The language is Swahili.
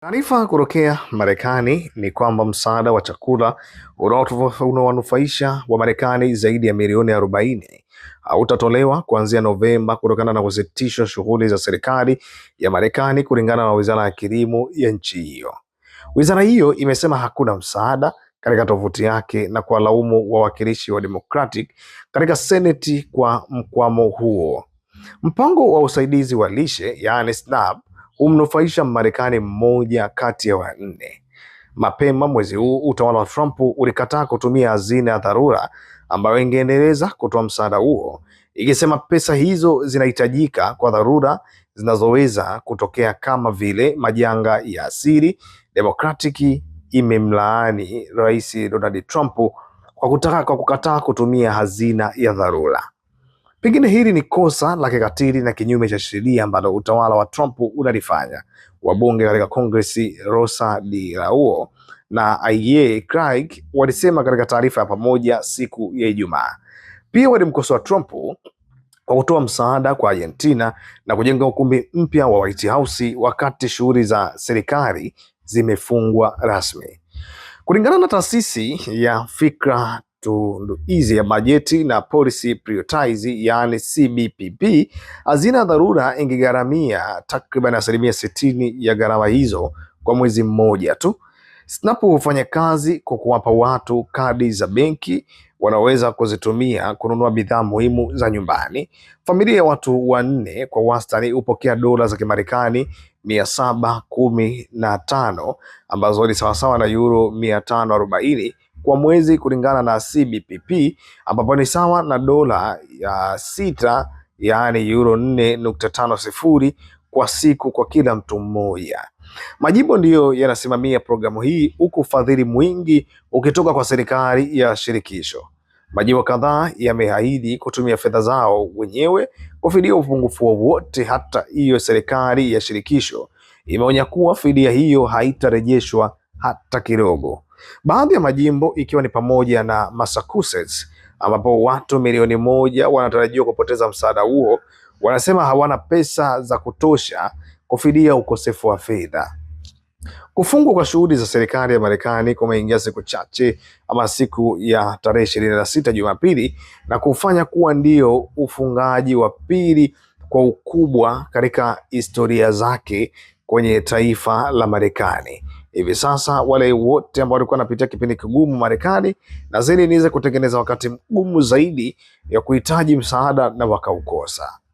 Taarifa kutokea Marekani ni kwamba msaada wa chakula unaowanufaisha wa Marekani zaidi ya milioni arobaini hautatolewa kuanzia Novemba kutokana na kusitishwa shughuli za serikali ya Marekani, kulingana na wizara ya kilimo ya nchi hiyo. Wizara hiyo imesema hakuna msaada katika tovuti yake na kuwalaumu wawakilishi wa Democratic katika Seneti kwa mkwamo huo. Mpango wa usaidizi wa lishe yaani SNAP humnufaisha marekani mmoja kati ya wanne. Mapema mwezi huu utawala wa Trump ulikataa kutumia hazina ya dharura ambayo ingeendeleza kutoa msaada huo, ikisema pesa hizo zinahitajika kwa dharura zinazoweza kutokea kama vile majanga ya asili. Democratic imemlaani Rais Donald Trump kwa kutaka kwa kukataa kutumia hazina ya dharura. Pengine hili ni kosa la kikatili na kinyume cha sheria ambalo utawala wa Trump unalifanya. Wabunge katika Kongresi Rosa Di Raul na Aye Craig walisema katika taarifa ya pamoja siku ya Ijumaa. Pia walimkosoa Trump kwa kutoa msaada kwa Argentina na kujenga ukumbi mpya wa White House wakati shughuli za serikali zimefungwa rasmi. Kulingana na taasisi ya Fikra tunduizi ya bajeti na policy prioritize, yani CBPP, hazina dharura ingegharamia takriban asilimia sitini ya gharama hizo kwa mwezi mmoja tu. SNAP hufanya kazi kwa kuwapa watu kadi za benki wanaweza kuzitumia kununua bidhaa muhimu za nyumbani. Familia ya watu wanne kwa wastani hupokea dola za Kimarekani mia saba kumi na tano ambazo ni sawasawa na euro mia tano arobaini kwa mwezi kulingana na CBPP ambapo ni sawa na dola ya sita yaani euro nne nukta tano sifuri kwa siku kwa kila mtu mmoja. Majimbo ndiyo yanasimamia programu hii huku ufadhili mwingi ukitoka kwa serikali ya shirikisho. Majimbo kadhaa yameahidi kutumia fedha zao wenyewe kufidia upungufu wowote. Hata hiyo serikali ya shirikisho imeonya kuwa fidia hiyo haitarejeshwa hata kidogo. Baadhi ya majimbo ikiwa ni pamoja na Massachusetts ambapo watu milioni moja wanatarajiwa kupoteza msaada huo, wanasema hawana pesa za kutosha kufidia ukosefu wa fedha. Kufungwa kwa shughuli za serikali ya Marekani kumeingia siku chache ama siku ya tarehe ishirini na sita Jumapili, na kufanya kuwa ndio ufungaji wa pili kwa ukubwa katika historia zake kwenye taifa la Marekani hivi sasa wale wote ambao walikuwa wanapitia kipindi kigumu Marekani na zili niweze kutengeneza wakati mgumu zaidi ya kuhitaji msaada na wakaukosa.